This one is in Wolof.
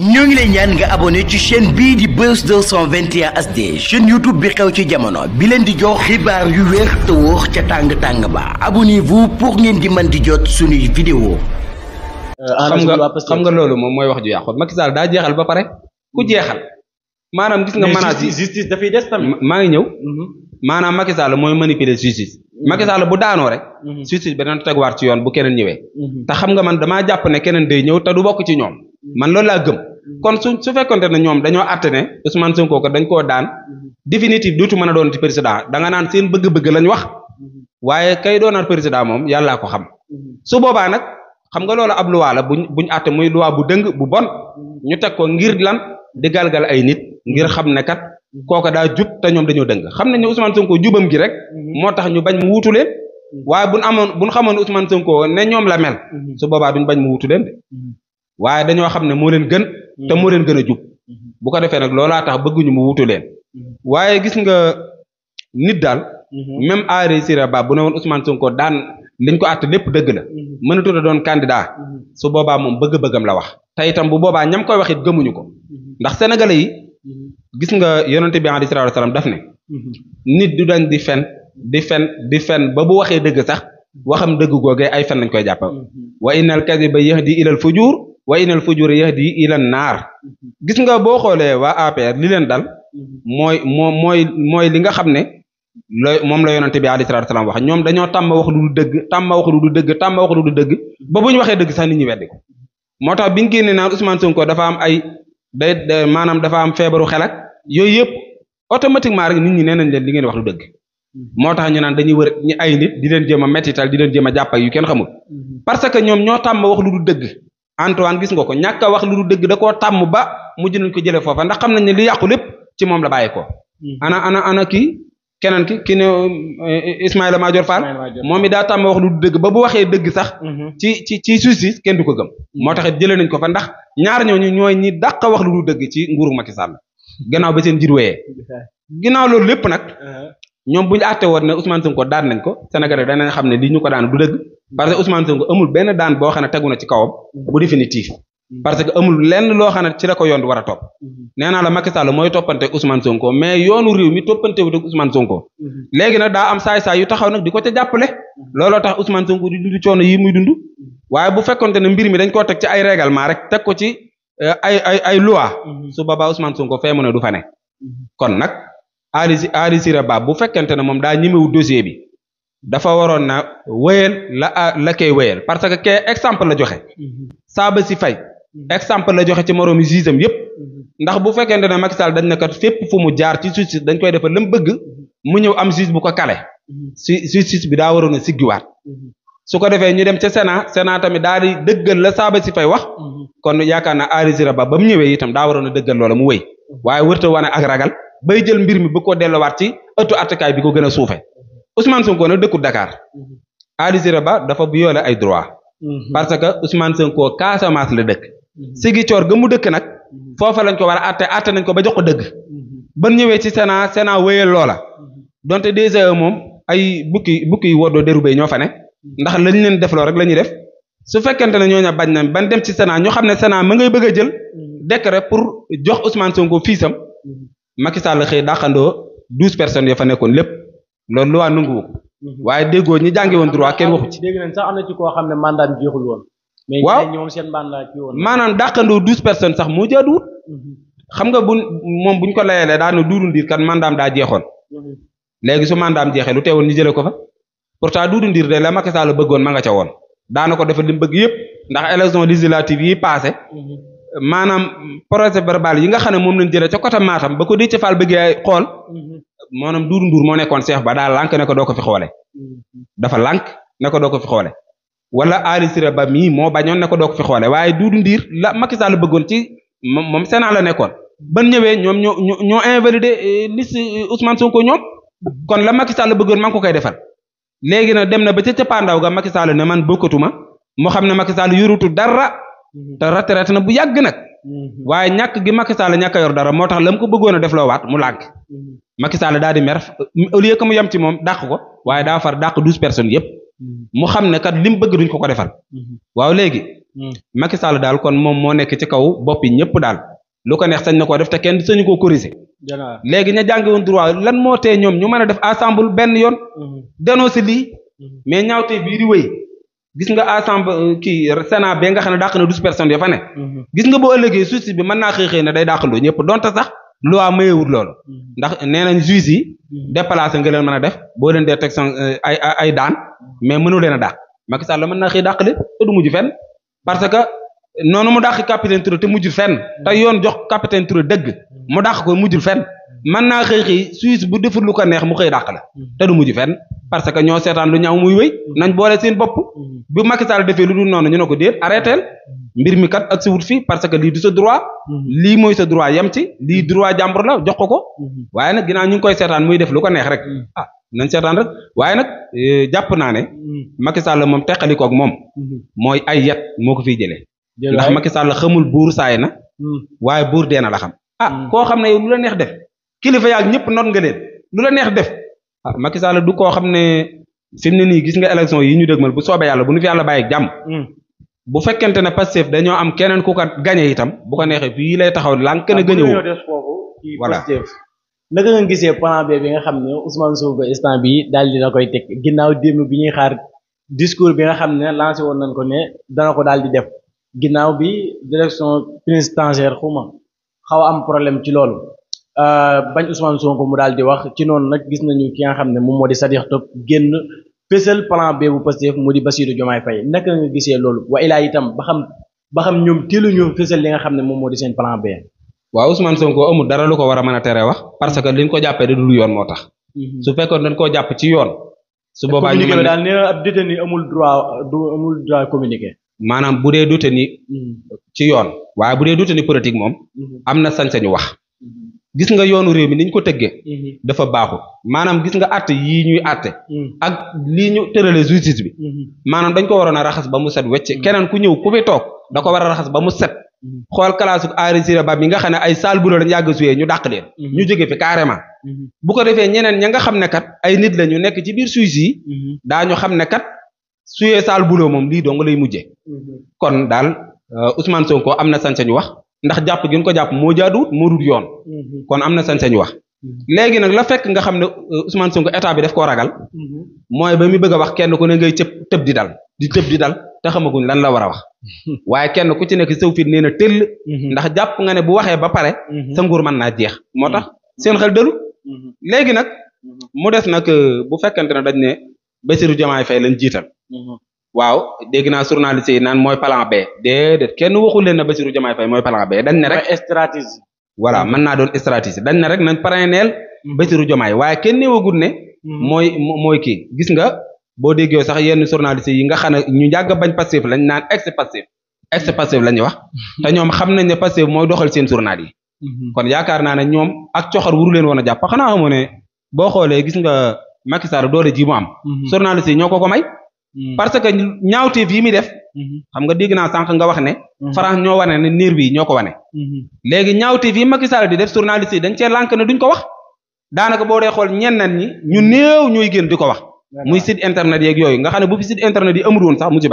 ñoo ngi lay ñaan nga abonné ci chaîne bii di Buzz 221 HD chaîne YouTube bi xew ci jamono bi leen di jox xibaar yu weex te wóor ca tàng tàng ba abonnez-vous pour ngeen di mën di jot suñuy vidéo. Euh, xam nga xam nga loolu moom mooy wax ju yàqu Macky Sall daa jeexal ba pare ku jeexal. maanaam gis nga menace yi justice dafay des tamit maa ngi ñëw. Mm-hmm. maanaam Macky Sall mooy manipuler justice mm-hmm. Macky Sall bu daanoo rek mm-hmm. justice beneen teguwaat ci yoon bu keneen ñëwee mm-hmm. te xam nga man dama jàpp ne keneen day ñëw te du bokk ci ñoom man loolu laa gëm kon su su fekkonte na ñoom dañoo àtte ne Ousmane Sonko ko dañ koo daan définitive duutu mën a doon ci président da nga naan seen bëgg-bëgg lañ wax waaye kay doonaat président moom yàllaa ko xam su boobaa nag xam nga loolu ab luwaa la buñ buñ àtte muy luwaa bu dëng bu bon ñu teg ngir lan di galgal ay nit ngir xam ne kat kooka daal jub te ñoom dañoo dëng xam nañ ne Ousmane Sonko jubam gi rek mhm. moo tax ñu bañ mu wuutu leen mhm. waaye bu amoon buñ xamoon Ousmane Sonko ne ñoom la mel mhm. su boobaa duñ bañ mu wuutu leen waaye dañoo xam ne moo leen gën te moo gën a jub bu ko defee nag loolaa tax bëgguñu mu wuutu leen waaye gis nga nit daal même Henri Siré Ba bu ne woon Ousmane Sonko daan liñ ko àtt lépp dëgg la mënatu a doon candidat su boobaa moom bëgg-bëggam la wax te itam bu boobaa ñam koy wax it gëmuñu ko ndax sénégalais gis nga yonente bi alayhi salatu wasalam daf ne mhm. nit du dañ di fen di fen di fen ba bu waxe deug sax waxam deug gogay ay fen lañ koy japp mhm. wa innal kadhiba yahdi ila al fujur wa innal fujura yahdi ila an nar mhm. gis nga bo xole waa APR li len dal moy moy moy li nga xamne mom la yonante bi alayhi salatu wasalam wax ñom dañoo tam wax lu deug tam wax lu deug tam wax lu deug ba buñ waxe deug sax nit ñi weddi ko moo tax naan Ousmane Sonko dafa am ay day manam dafa am febaru xelak yooyu yëpp automatiquement rek nit ñi nee nañ leen li ngeen wax lu dëgg moo tax ñu naan dañuy wër ñu ay di leen jéem a métital di leen jéem a jàpp ak yu kenn xamul mm-hmm. parce que ñoom ñoo tàmm wax lu du dëgg Antoine gis nga ko ñàkk a wax lu du dëgg da koo tàmm ba mujj nañ ko jëlee foofa ndax xam nañ ne li yàqu lépp ci moom la bàyyi ko mm-hmm. ana ana ana kii keneen ki ki ne eh, Ismaïla Madior Fall moom i daa tàmm wax lu du dëgg ba bu waxee dëgg sax mm-hmm. ci ci ci justice kenn du ko gëm moo tax jëlee nañ ko fa ndax ñaar ñooñu ñooy ñi dàq wax lu du dëgg ci nguuru Macky Sall gannaaw ba seen jir wéyee ginnaaw loolu lépp nag uh-huh. ñoom bu ñu àtte woon ne Ousmane Sonko daan nañ ko Sénégalais danañ xam ne li ñu ko daan du dëgg parce que Ousmane Sonko amul benn daan boo xam ne tegu na ci kawam bu définitif mm-hmm. parce que amul lenn loo xam ne ci la ko yoon bi war a topp mm-hmm. nee naa la Macky Sall mooy toppante Ousmane Sonko mais yoonu réew mi toppante wu ak Ousmane Sonko mm-hmm. léegi na daa am saay-saay yu taxaw nag di ko ca jàppale looloo tax Ousmane Sonko di dund coono yi muy dund waaye bu fekkonte ne mbir mi dañ koo teg ci ay règlement rek teg ko ci Euh, ay ay ay loi mhm. su boobaa Ousmane Sonko fee mu ne du fa ne mhm. kon nag Aly Aly Ciré bu fekkente ne moom daa ñemewu dossier bi dafa waroon na wéyal la ah, la koy wéyal parce que ke exemple la joxe mhm. saaba si fay exemple la joxe ci moroomi gisam yëpp ndax bu fekkente ne Macky Sall dañ ne kat fépp fu mu jaar ci justice dañ koy defal lam bëgg mu ñëw am justice bu ko kale si justice bi daa waroon a siggiwaat su ko defee ñu dem ca seenaa seenaa tamit daal di dëggal la saaba si fay wax mhm. kon yaakaar naa arisira ba ba mu ñëwee itam daa waroon a dëggal loola mu wéy mhm. waaye wërta wane ak ragal bay jël mbir mi bu ko delluwaat ci ëttu attakaay bi ko gën a suufe mhm. Ousmane Sonko nag dëkkul Dakar arisira ba dafa bu yoole ay droit parce que Ousmane Sonko Casamance la dëkk sigi coor ga mu dëkk nag foofa lañ ko war a atte atte nañ ko ba jox ko dëgg ba ñëwee ci seenaa Sénat wéyal loola donte déjà moom ay bukki bukki woddoo dérubé ñoo fa ne ndax lañ leen defloo rek la ñuy def su fekkente ne ñooñu bañ na ban dem ci Sénat ñu xam ne Sénat ma ngay bëgg a jël mm-hmm. décret pour jox Ousmane Sonko fiisam mm-hmm. Macky Sall xëy dàqandoo douze personne yoo fa nekkoon lépp loolu lu waa nanguwu ko mm-hmm. waaye déggoo ñi jàngi woon droit kenn waxu ci. dégg nañ sax am na ci koo xam ne mandat bi jeexul woon. mais ñoom seen mandat ci woon. maanaam dàqandoo douze personnes sax moo jaaduwut. xam nga bu moom bu ñu ko layalee daanaka duuru ndiir kan mandaam daa jeexoon. léegi su mandaam jeexee lu teewoon ñu jëlee ko fa. pourtant Doudou Ndir de la Macky Sall bëggoon ma nga ca woon daana ko defal li mu bëgg yëpp ndax élection législative yi passé mhm. maanaam procès verbal yi nga xam ne moom lañ jëlee ca côté Matam ba ko dee ci Fall bëggee xool mhm. maanaam Doudou Ndour moo nekkoon seex ba daal lànk ne ko doo ko fi xoole mhm. dafa lànk ne ko doo ko fi wala Ali Ba mii moo bañoon ne ko doo ko fi waaye Doudou Ndir la Macky Sall bëggoon ci moom Sénat la nekkoon ban ñëwee ñoom ñoo ñoo invalider eh, liste eh, Ousmane Sonko ñoom kon la Macky Sall bëggoon maa ko koy defal léegi nag dem na ba ca cappaandaw ga Macky Sall ne man bokkatuma moo xam ne Macky Sall yorutu dara mhm. te retraite na bu yàgg nag mhm. waaye ñàkk gi Macky Sall ñàkk yor dara moo tax la mu ko bëggoon a def loo waat mu lànk mhm. Macky Sall daa di mer au lieu mu yem ci moom dàq ko waaye daa far dàq douze personnes yëpp mu xam ne kat li mu bëgg duñ ko ko defal waaw léegi Macky Sall daal kon moom moo nekk ci kaw boppi ñëpp daal lu ko neex sañ na koo def te kenn sañu koo corriger léegi ña jàngi woon droit lan moo té ñoom ñu mën a def ensemble benn yoon mhm. dénoncé lii mhm. mais ñaawtee bii di wéy gis nga ensemble euh, kii Sénat bee nga xam ne dàq na douze personnes ya fa ne mhm. gis nga boo ëllëgee suuf bi mën naa xëy xëy ne day dàqandoo ñëpp donte sax loi mayewut loolu ndax nee nañ juge yi déplacé nga leen mën a def boo leen dee teg euh, ay ay daan mais mënu leen a dàq Macky Sall mën naa xëy dàq lépp te du mujj fenn parce que noonu mu dàq capitaine Touré te mujj fenn te yoon jox capitaine Touré mu dàq ko mujjul fenn mën naa xëy xëy Suisse bu deful lu ko neex mu xëy dàq la te du mujj fenn parce que ñoo seetaan lu ñaaw muy wéy nañ boole seen bopp bu Macky Sall defee lu dul noonu ñu ne ko déet arrêté mbir mi kat ak si wut fii parce que lii du sa droit lii mooy sa droit yem ci lii droit jàmbur la jox ko ko waaye nag ginnaaw ñu ngi koy seetaan muy def lu ko neex rek ah nañ seetaan rek waaye nag e, jàpp naa ne Macky Sall moom teqalikook moom mooy ay yat moo ko fiy jëlee ndax Macky Sall xamul buur saay na hmm. waaye buur dee na la xam ah hmm. koo xam ne yow lu la neex def a yaag la ah, du koo xam ne fi ne nii gis nga élection yi ñu dégmal bu soobee yàlla bu nu fi yàlla bàyyi jàmm. Hmm. bu fekkente ne Pastef dañoo am keneen ku ko gañe itam bu ko neexee fii lay taxaw lànk a ah, woo voilà naka nga gisee plan bi nga xam ne Ousmane Sonko instant bi daal dina koy teg bi ñuy xaar discours bi nga xam ne lancé woon nañ ko ne dana ko daal di def ginnaaw bi direction pénitentiaire xuma xaw am problème ci loolu euh, bañ Ousmane Sonko mu daal di wax ci noonu nag gis nañu ki nga xam ne moom moo di Sadikh Top génn fésal plan B bu Pastef mu di Bassirou Diomaye fay naka nga gisee loolu wa ilaa itam ba xam ba xam ñoom teeluñu fésal li nga xam ne moom moo di seen plan B. waa Ousmane Sonko amul dara lu ko war a mën a tere wax parce que liñ ko jàppee da dul yoon moo tax. Mm-hmm. su fekkoon dañ koo jàpp ci yoon. su boobaa ñu daal nee ab détenu amul droit du amul droit communiquer. maanaam bu dee dute ni ci yoon waaye bu dee dute ni politique moom mm-hmm. am na sañ-sañu wax mm-hmm. gis nga yoonu réew mi ni ñu ko tëggee mm-hmm. dafa baaxu maanaam gis nga àtte yii ñuy àtte mm. ak lii ñu tëralee justice bi maanaam dañ ko waroon a raxas ba mu set wecc keneen ku ñëw ku fi toog da ko war a raxas ba mu set xool kalaasu enregistré ba mi nga xam ne ay saal bu lañ yàgg a suyee ñu dàq leen ñu jóge fi carrément bu ko defee ñeneen ña nga xam ne kat ay nit la nekk ci biir suuf yi daañu xam ne kat suyee saal buloo moom lii dong lay mujjee mhm. kon daal euh, Ousmane Sonko am na sañ wax ndax jàpp gi ñu ko jàpp moo jaaduwut moo dul yoon mhm. kon am na sañ wax mhm. léegi nag la fekk nga xam ne euh, Ousmane Sonko état bi daf koo ragal mooy ba mu bëgg a wax kenn ku ne ngay cëb tëb di dal di tëb di dal te xamaguñ lan la war a wax waaye kenn ku ci nekk sëw fit nee na tëll ndax jàpp nga ne bu waxee ba pare sa nguur mën naa jeex moo tax seen xel dëlu léegi nag mu des nag euh, bu fekkente ne dañ ne Bassirou Diomaye Faye lañ jiital. Mhm. waaw dégg naa journaliste yi naan mooy plan B déedéet kenn leen na Bassirou Diomaye mooy plan B dañ ne rek. stratégie. naa doon stratégie dañ ne rek nañ parrainel mhm. Bassirou Diomaye waaye kenn néewagul ne. Mhm. mooy mooy kii gis nga boo déggee sax yenn journaliste yi nga xam ne ñu yàgg bañ passif lañ naan ex passif ex passif wax te ñoom xam nañ ne passif mooy doxal seen journal yi. kon yaakaar naa ne ñoom a coxar wuru leen woon a jàpp xanaa xamoo ne boo xoolee nga. Macky Sall doole ji mu am. Mhm. journaliste yi ñoo ko ko may. Mhm. parce que ñaawteef yi muy def. Mhm. xam nga dégg naa sànq nga wax ne. France ñoo wane ne niir bi ñoo ko wane. léegi ñaawteef yi Macky Sall di def journaliste yi dañ cee lànk ne duñ ko wax daanaka boo dee xool ñenn ñi ñu néew ñooy gën di ko wax. muy site internet yeeg yooyu nga xam ne bu fi site internet yi woon sax mu ci